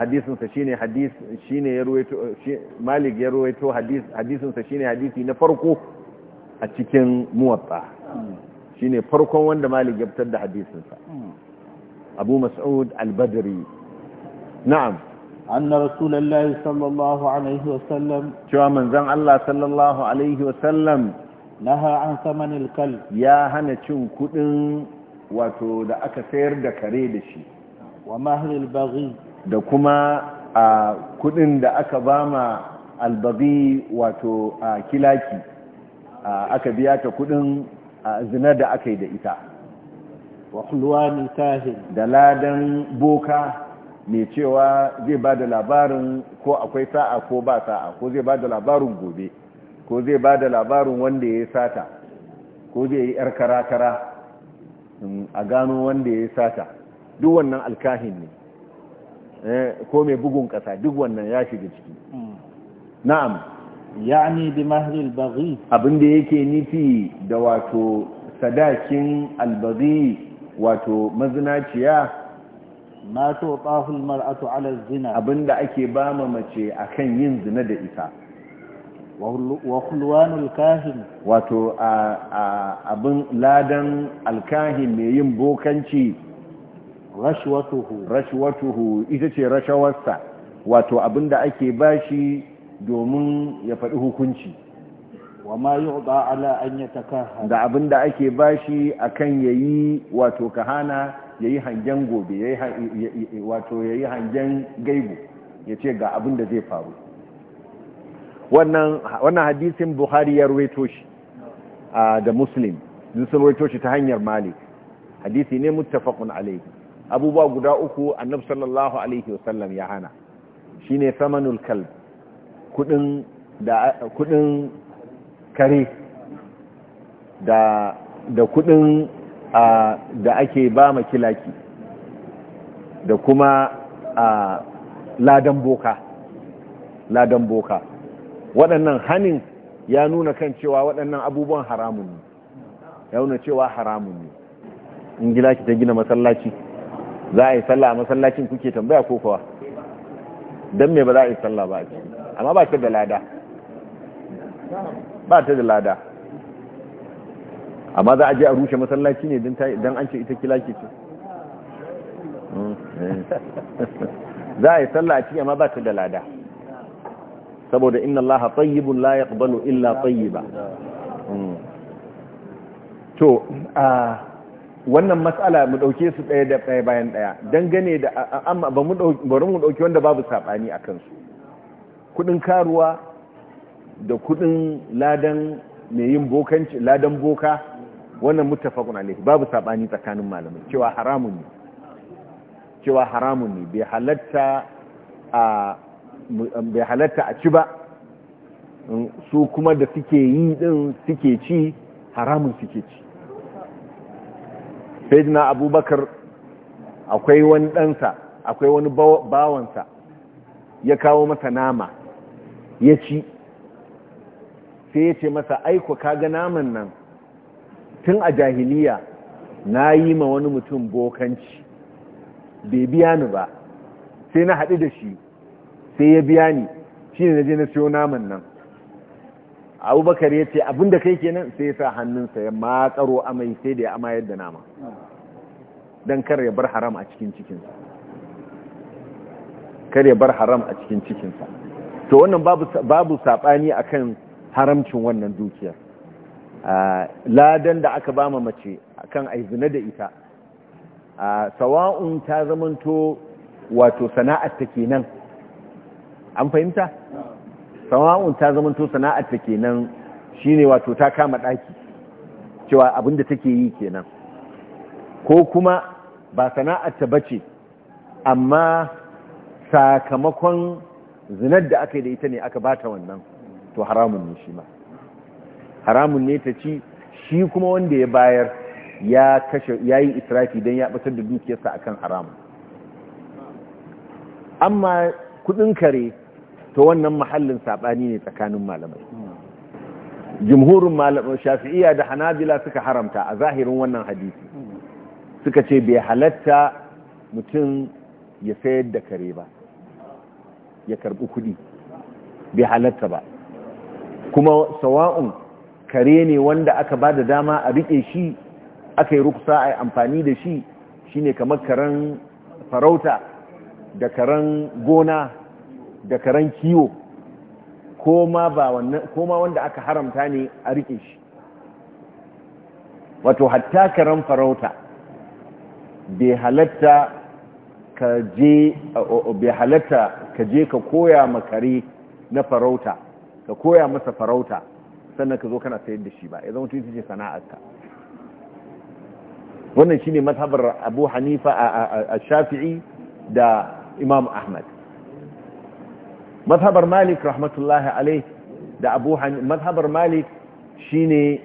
shine hadis shine malik ya ruwaito hadis hadisin sa shine hadisi na farko a cikin shi hmm. shine farkon wanda malik ya fitar da hadisunsa hmm. abu mas'ud al-badri na'am anna rasulallah sallallahu alaihi wasallam cewa manzan Allah sallallahu alaihi wasallam naha an kal ya hana cin kudin wato da aka sayar da kare da shi wa mahril da kuma a kudin da aka bama albabi wato a kilaki aka biya ta kudin zina da aka yi da ita wa hulwani da ladan boka mai cewa zai ba da labarin ko akwai sa'a ko ba sa'a ko zai ba da labarin gobe ko zai ba da labarin wanda ya sata ko zai yi yar karakara a gano wanda ya sata duk wannan alkahin ne eh, ko mai bugun kasa duk wannan ya shiga ciki na'am Ya yani bi mahril bari abin yake nufi da wato sadakin albari wato mazinaciya ma to mar'atu ala zina abinda ake bama mace akan yin zina da ita wa hulwanul kahin wato abin ladan alkahin mai yin bokanci rashwatuhu rashwatuhu ita ce rashawarsa wato abin da ake bashi domin ya faɗi hukunci wa ma yu'da ala an yatakahhana da abin da ake bashi akan yayi wato kahana yayi hangen gobe yayi wato yayi hangen gaibu yace ga abin da zai faru wannan hadisin buhari ya ruwaito shi da muslim sun ruwaito shi ta hanyar malik hadisi ne muttafaqun alaihi abubuwa guda uku annabi sallallahu alaihi wasallam ya hana Shi ne samanul kalb kudin kare da da kudin da ake ba ma kilaki da kuma ladan boka ladan boka waɗannan hannun ya nuna kan cewa waɗannan abubuwan haramun ne ya nuna cewa haramun ne in ki ta gina masallaci za a yi sallah a masallacin kuke tambaya ko kowa don me ba za a yi sallah ba a ciki amma ba ta da lada ba ta da lada amma za a je a rushe masallaci ne don an ce ita kila ke ce hmm, eh. za a yi sallah a ciki amma ba ta da lada saboda inna allaha tayyibun la yaqbalu illa tayyiba hmm. to a wannan matsala mu dauke su daya da daya bayan daya dangane da amma ba mu bari mu dauki wanda babu sabani akan su kudin karuwa da kudin ladan mai yin bokanci ladan boka wannan muttafaqun alayhi babu sabani tsakanin malamai cewa haramun ne cewa haramun ne bai halatta a bai halatta a ci ba su kuma da suke yi din suke ci haramun suke ci sayyidina abubakar akwai wani ɗansa akwai wani bawansa ya kawo masa nama ya ci sai ya ce masa aiko kaga naman nan tun a jahiliya na yi ma wani mutum bokanci bai biya ni ba sai na haɗu da shi sai ya biya ni shi ne na je na siyo naman nan abubakar ya ce abinda kai kenan sai ya sa hannunsa ya matsaro amai sai da ya amayar da nama don kar ya bar haram a cikin cikinsa kar ya bar haram a cikin cikinsa to wannan babu saɓani a kan haramcin wannan dukiyar ladan da aka ba ma mace kan aizina da ita sawa'un ta zamanto wato sana'ar ta kenan an fahimta sama'un ta zamanto sana'ar ta kenan ne wato ta kama daki cewa abinda take yi kenan ko kuma ba sana'ar ta bace amma sakamakon zinar da aka yi da ita ne aka bata wannan to haramun ne shi ma haramun ne ta ci shi kuma wanda ya bayar ya kashe ya yi israfi don ya batar da dukiyarsa akan haramun amma kudin kare ta wannan mahallin saɓani ne tsakanin malamai jumhurin malamai shafi'iyya da hanabila suka haramta a zahirin wannan hadisi suka ce bai halatta mutum ya sayar da kare ba ya karbi kudi bai halatta ba kuma sawa'un kare ne wanda aka ba da dama a riƙe shi aka yi rukusa a amfani da shi shine kamar karen farauta da karen gona da karen kiwo ko ma wanda aka haramta ne a rike shi wato hatta karen farauta bai halatta ka je ka koya makare na farauta ka koya masa farauta sannan ka zo kana sayar da shi ba ya zama tuntun ce sana'arka wannan shi ne mazhabar abu hanifa a shafi'i da imam ahmad mazhabar malik rahmatullahi alai da abu mazhabar malik shine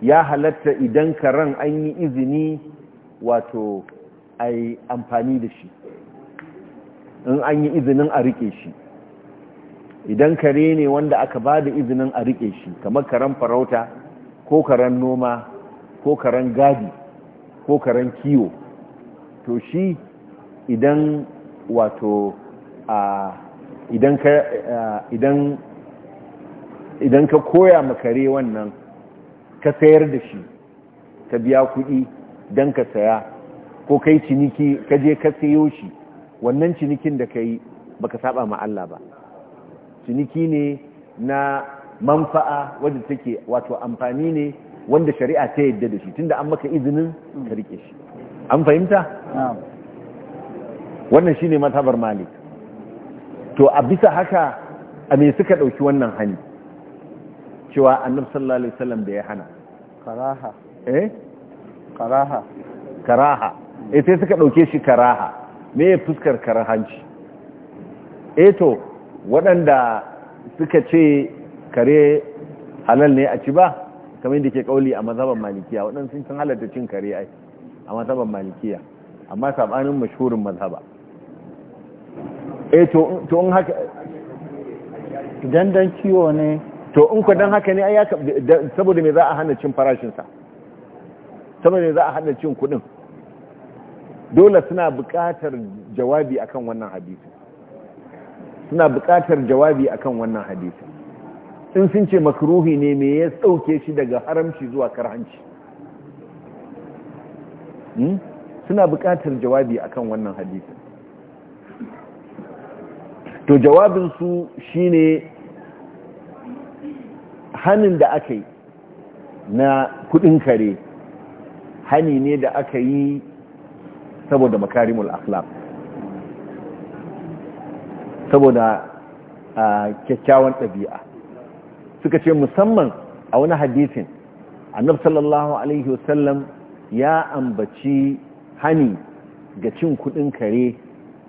ya halatta idan karen an yi izini wato a yi amfani da shi in an yi izinin a rike shi idan kare ne wanda aka ba da izinin a rike shi kamar karen farauta ko karen noma ko karen gadi ko karen kiwo to shi idan wato a idan ka koya ma kare koya makare wannan ka sayar da shi ka biya kuɗi don ka saya ko kai ciniki ka je ka sayo shi wannan cinikin da ka yi ba ka saba ma Allah ba ciniki ne na manfa'a wadda take wato amfani ne wanda shari'a ta yadda da shi tunda an maka izinin ka rike shi an fahimta wannan shi ne matabar malik to a bisa haka a me suka ɗauki wannan hani cewa annab sallallahu alaihi wasallam da ya hana karaha eh karaha karaha eh sai suka ɗauke shi karaha me ya fuskar karahanci eh to waɗanda suka ce kare halal ne a ci ba kamar yadda ke kauli a mazhaban malikiya waɗanda sun halarta cin kare ai a mazhaban malikiya amma sabanin mashhurin mazhaba E to in haka dandan ciwo ne to in ku dan haka ne ai saboda me za a hana cin farashinsa saboda me za a hana cin kudin dole suna buƙatar jawabi akan wannan hadisi suna buƙatar jawabi akan wannan hadisi in sun ce makruhi ne me ya tsauke shi daga haramci zuwa karhanci hmm? suna buƙatar jawabi akan wannan hadisi to jawabinsu shine hanin da aka yi na kudin kare hani ne da aka yi saboda makarimul akhlaq saboda kyakkyawan ɗabi'a suka ce musamman a wani hadisin annab sallallahu alaihi wasallam ya ambaci hani ga cin kudin kare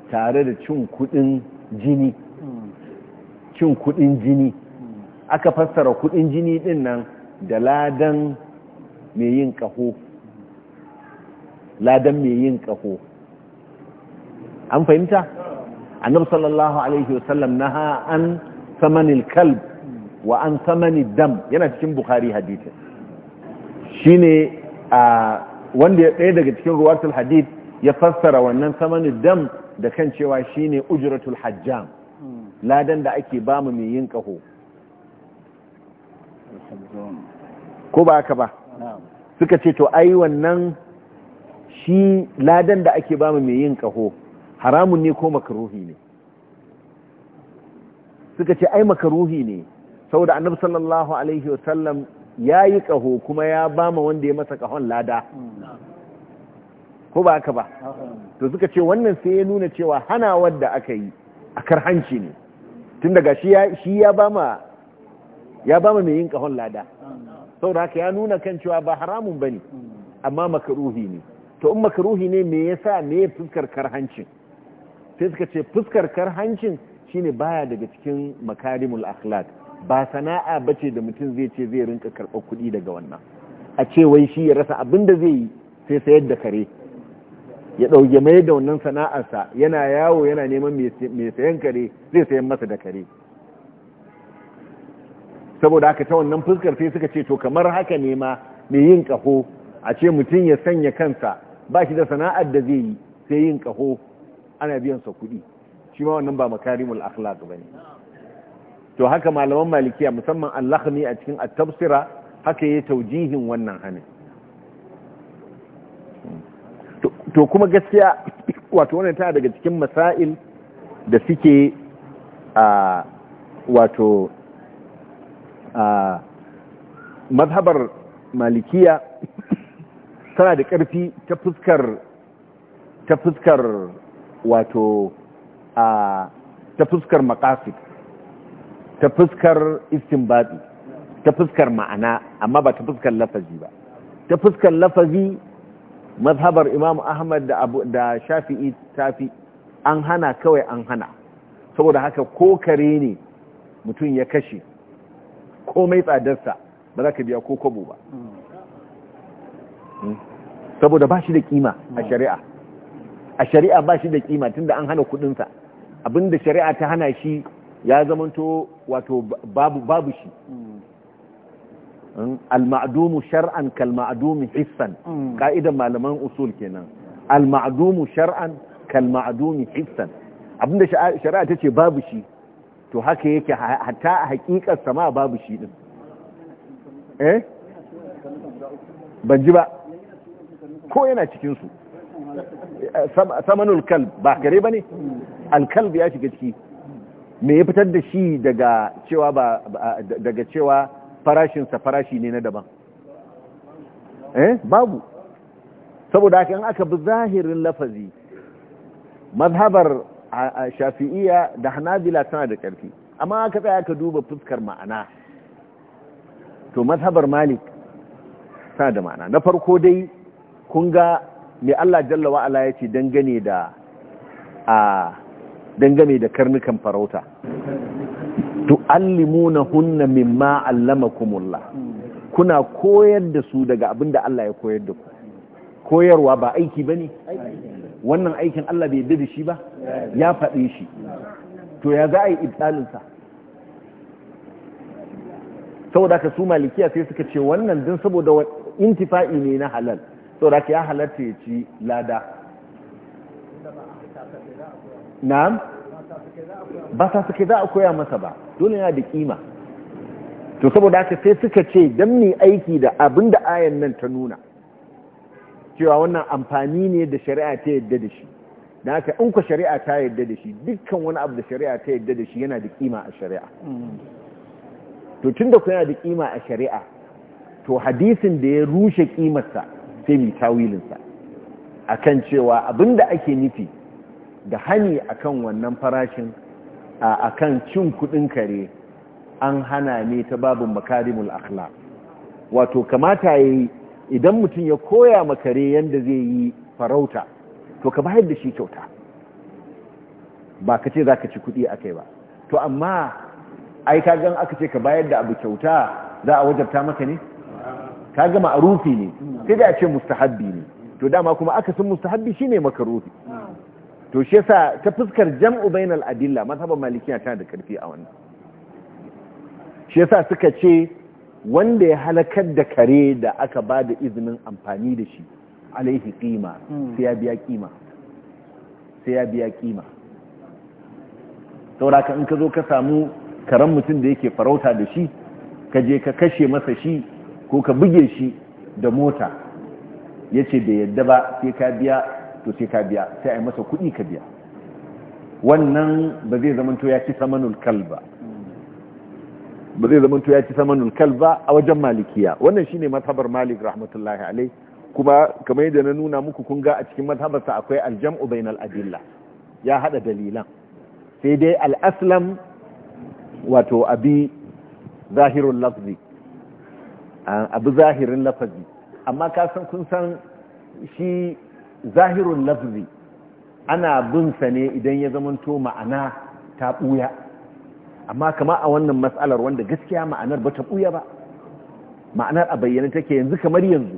tare da cin kudin jini cin kudin jini aka fassara kudin jini din nan da ladan mai yin kaho ladan mai yin kaho an fahimta annabi sallallahu alaihi wasallam naha an samanil kalb wa an samanid dam yana cikin bukhari hadithin Shi a wanda ya ɗaya daga cikin ruwatul hadith ya fassara wannan samanid dam da kan cewa shi ne ujiratul hajjam ladan da ake bamu mai yin kaho ko ba haka ba suka ce to ai wannan shi ladan da ake bamu mai yin kaho haramun ne ko makaruhi ne suka ce ai makaruhi ne saboda annabi sallallahu alaihi wasallam yi kaho kuma ya bama wanda ya masa kahon lada ko ba haka ba to suka ce wannan sai ya nuna cewa hana wadda aka yi a karhanci ne tun daga shi ya ba ma mai yin kahon lada saboda haka ya nuna kan cewa ba haramun ba ne amma makaruhi ne to in makaruhi ne me yasa me ya fuskar karhancin sai suka ce fuskar karhancin shine baya daga cikin makarimul akhlaq ba sana'a bace da mutum zai ce zai rinka karɓar kuɗi daga wannan a ce wai shi ya rasa abin da zai yi sai sayar da kare ya ɗauke mai da wannan sana'arsa yana yawo yana neman mai sayan kare zai sayan masa da kare saboda haka ta wannan fuskar sai suka ce to kamar haka ne ma mai yin kaho a ce mutum ya sanya kansa ba shi da sana'ar da zai yi sai yin ƙaho ana biyan sa kuɗi shi ma wannan ba makarimul akhlaq ba ne to haka malaman malikiya musamman allahni a cikin at-tafsira haka yayi taujihin wannan hanin to kuma gaskiya wato wannan ta daga cikin masail da suke a wato a mazhabar malikiya tana da ƙarfi ta fuskar ta fuskar wato a ta fuskar makasid ta fuskar istinbadi ta fuskar ma'ana amma ba ta fuskar lafazi ba ta fuskar lafazi mazhabar imamu ahmad da abu da shafi'i tafi an hana kawai an hana saboda haka ko kare ne mutum ya kashe komai tsadarsa ba za ka biya ko kwabo ba hmm? saboda ba shi da kima a hmm. shari'a a shari'a ba shi da kima tunda an hana kudinsa abinda shari'a ta hana shi ya zamanto wato babu shi hmm. Hmm? al-ma'dumu shar'an kal ma'dumi hissan hmm. ka'idan malaman usul kenan al-ma'dumu shar'an kal ma'dumi hissan abinda shari'a tace babu shi to haka yake hatta a haƙiƙar sama babu shi din eh ban ba ko yana cikin su samanul kalb ba kare bane al-kalb ya shiga ciki me ya fitar da shi daga cewa ba daga cewa farashinsa farashi ne na daban eh babu saboda haka aka bi zahirin lafazi mazhabar shafi'iyya da hanabila tana da ƙarfi amma aka tsaya aka duba fuskar ma'ana to mazhabar malik tana da ma'ana na farko dai kun ga me Allah jalla wa'ala ya ce dangane da a dangane da karnukan farauta tu'allimunahunna mimma allamakumullah kuna koyar da su daga abinda Allah ya koyar da ku koyarwa ba aiki bane wannan aikin Allah bai yarda shi ba ya fadi shi to ya za a yi ibtalin sa saboda ka su malikiya sai suka ce wannan din saboda intifa'i ne na halal saboda ka ya halarta ya ci lada na'am ba sa suke za a koya masa ba dole yana da kima to saboda haka sai suka ce don mai aiki da abin da ayan nan ta nuna cewa wannan amfani ne da shari'a ta yadda da shi da haka in ku shari'a ta yadda da shi dukkan wani abu da shari'a ta yadda da shi yana da kima a shari'a to tun da ku yana da kima a shari'a to hadisin da ya rushe kimarsa sai mai tawilinsa kan cewa abin da ake nufi da hani akan wannan farashin a kan cin kudin kare an hana ne ta babin makarimul akla wato kamata ya yi idan mutum ya koya makare yadda zai yi farauta to ka bayar da shi kyauta ba ka ce za ka ci kudi a kai ba to amma ai ka gan aka ce ka bayar da abu kyauta za a wajabta maka ne ka gama a rufi ne sai da a ce mustahabbi ne to dama kuma aka san mustahabbi shine makarufi to shi yasa ta fuskar jam'u bainal adilla mazhaban malikiya tana da karfi a wannan shi yasa suka ce wanda ya halakar da kare da aka ba da izinin amfani da shi alaihi kima sai ya biya kima sai ya biya kima sauraka in ka zo ka samu karen mutum da yake farauta da shi ka je ka kashe masa shi ko ka buge shi da mota yace bai yadda ba sai ka biya to sai ka biya sai a yi masa kuɗi ka biya wannan ba zai zamanto ya ci samanul kalba ba zai zamanto ya ci samanul kalba a wajen malikiya wannan shine mazhabar malik rahmatullahi alai kuma kamar yadda na nuna muku kun ga a cikin mazhabarsa akwai aljam'u bainal adilla ya hada dalilan sai dai al-aslam wato abi zahirul lafzi ah, abu zahirin lafazi amma ka san kun san shi zahirun lafzi ana bin sa ne idan ya zamanto ma'ana ta buya amma kama a wannan matsalar wanda gaskiya ma'anar ba ta buya ba ma'anar a bayyana take yanzu kamar yanzu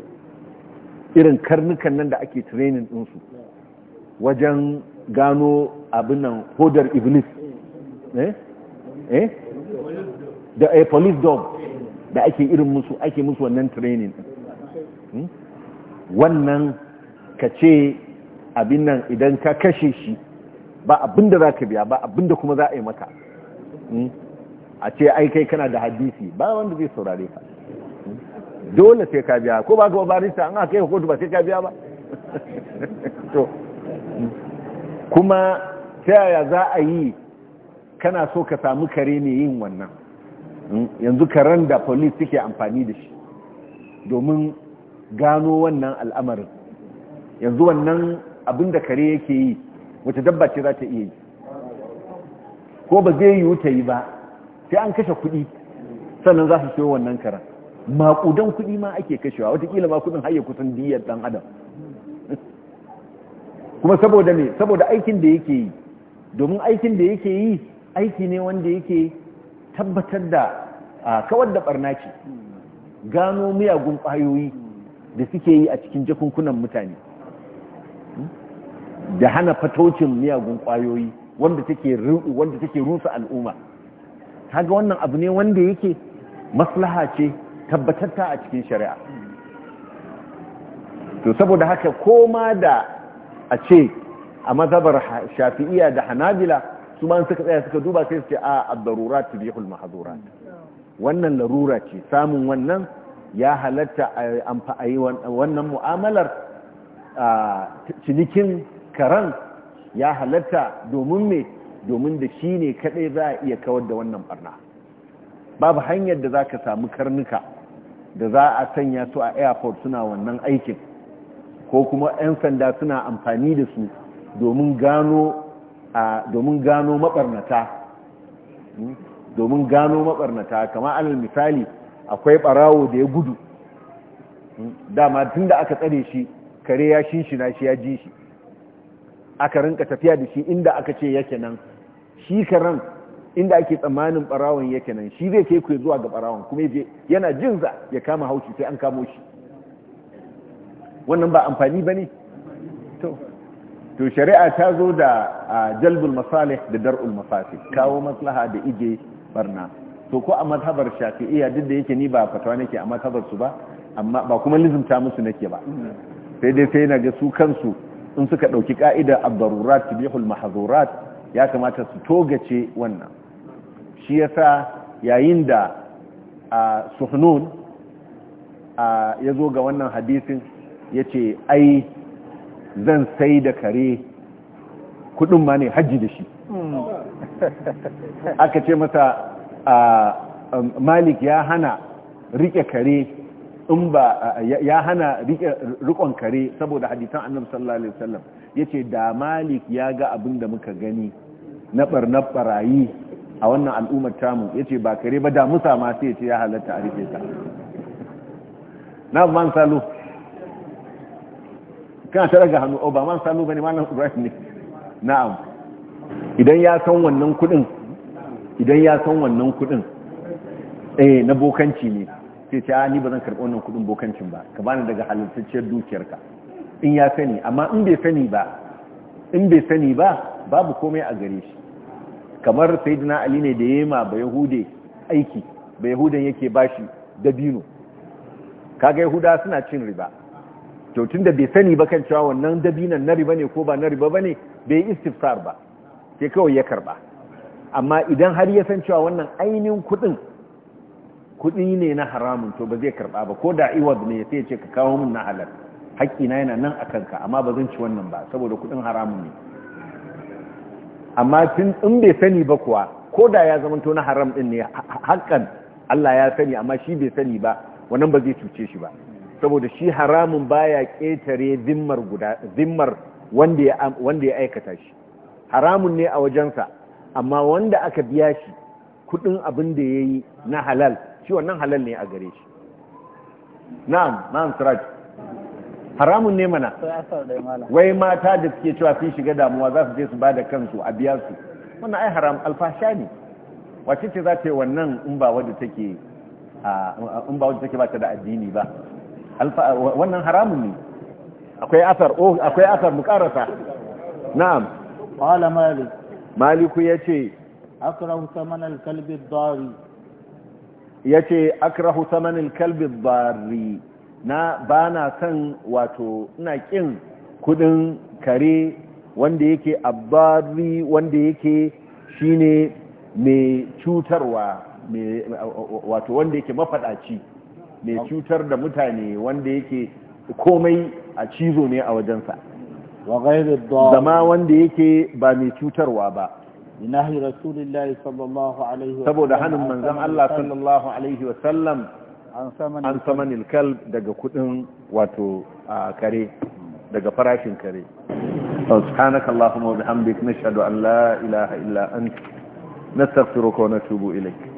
irin karnukan nan da ake training ɗinsu wajen gano abin nan hodar iblis eh eh da a eh, police dog da ake irin musu ake musu wannan training hmm? wannan ka ce abin nan idan ka kashe shi ba abin da za ka biya ba abin da kuma za a yi maka hmm? a ce ai kai kana da hadisi ba wanda zai saurare ka dole sai ka biya ko ba ka barista an aka yi hukutu ba sai ka biya ba to hmm. kuma ta yaya za a yi kana so ka samu kare ne yin wannan hmm? yanzu karen da police suke amfani da shi domin gano wannan al'amarin yanzu wannan abin da kare yake yi wata dabba ce za ta iya yi ko ba zai yiwu ta yi ba sai an kashe kuɗi sannan za su siyo wannan karan makudan kuɗi ma ake kashewa watakila ma kuɗin kusan diyar ɗan adam kuma saboda ne saboda aikin da yake yi domin aikin da yake yi aiki ne wanda yake tabbatar da kawar da barna ce gano miyagun kwayoyi da suke yi a cikin jakunkunan mutane da hana fatocin miyagun kwayoyi wanda take wanda take rusa al'umma kaga wannan abu ne wanda yake maslaha ce tabbatatta a cikin shari'a to saboda haka koma da a ce a mazhabar shafi'iya da hanabila su ma suka tsaya suka duba sai su ce a ad-darurat tubihul mahdhurat wannan larura ce samun wannan ya halatta a yi wannan mu'amalar cinikin karan ya halatta domin me domin da shi ne kadai za a iya kawar da wannan barna babu hanyar da za ka samu karnuka da za a sanya su a airport suna wannan aikin ko kuma 'yan sanda suna amfani da su domin gano maɓarnata domin gano maɓarnata hmm? kama alal misali akwai ɓarawo da ya gudu hmm? dama tun da aka tsare shi kare ya shinshina shi ya ji shi aka rinka tafiya da shi inda aka ce yake nan shi karan inda ake tsammanin barawon yake nan shi zai kai ku zuwa ga barawon kuma je yana jin za ya kama haushi sai an kamo shi wannan ba amfani ba ne? to shari'a ta zo da jalbul masalih da dar'ul mafasid kawo maslaha da ije barna to ko a mazhabar shafi'iyya duk da yake ni ba fatawa nake a mazhabar su ba amma ba kuma lizumta musu nake ba sai dai sai na ga su kansu in suka ɗauki ƙa'ida abdarurat tibihul ya kamata su togace wannan shi ya yasa yayin da suhnun ya zo ga wannan hadisin ya ce ai zan sai da kare kudin ma ne hajji da shi hmm. aka ce masa um, malik ya hana rike kare in ba ya hana rikon kare saboda hadithan annabi sallallahu alaihi wasallam yace da malik ya ga abin da muka gani na barna barayi a wannan al'ummar tamu yace ba kare ba da musa ma sai yace ya halatta a rike ka na man salo kana ta daga hannu oh, ba man salo bane malam ibrahim ne na'am idan ya san wannan kudin idan ya san wannan kudin eh na bokanci ne sai ta ni ba zan karɓi wannan kuɗin bokancin ba ka bani daga halittacciyar dukiyarka in ya sani amma in bai sani ba in bai sani ba babu komai a gare shi kamar sayyidina ali ne da yema ba yahude aiki ba yahudan yake bashi dabino kaga yahuda suna cin riba to tunda bai sani ba kan cewa wannan dabinan na riba ne ko ba na riba bane bai istifsar ba sai kawai ya karba amma idan har ya san cewa wannan ainihin kuɗin kuɗi ne na haramun to ba zai karɓa ba ko da iwad ne sai ce ka kawo min na halal haƙƙina yana nan a kanka amma ba zan ci wannan ba saboda kuɗin haramun ne amma tun in bai sani ba kuwa ko da ya zama to na haram ɗin ne hakan Allah ya sani amma shi bai sani ba wannan ba zai cuce shi ba saboda shi haramun baya ƙetare zimmar guda zimmar wanda ya wanda ya aikata shi haramun ne a wajensa amma wanda aka biya shi kuɗin abin da yayi na halal shi wannan halal ne a gare shi na'am na'am siraj haramun ne mana wai mata da suke cewa sun shiga damuwa za su je su bada kansu a biya su wannan ai haram alfasha ne wace ce za ta yi wannan in ba wadda take in ba wadda take ba ta da addini ba wannan haramun ne akwai asar oh, akwai asar mu karasa na'am wala malik maliku yace akrahu thaman al-kalbi ad ya ce akrahu samanin kalbin bari na ba na san wato ina kin kudin kare wanda yake abari wanda yake shine mai cutarwa wato wanda yake mafadaci mai cutar da mutane wanda yake komai a cizo ne a wajensa zama wanda yake ba mai cutarwa ba بنهي رسول الله صلى الله عليه وسلم سبو دهن من زم الله صلى الله عليه وسلم عن ثمن عن ثمن الكلب دغ كدن واتو كري دغ فراشين كري سبحانك اللهم وبحمدك نشهد ان لا اله الا انت نستغفرك ونتوب اليك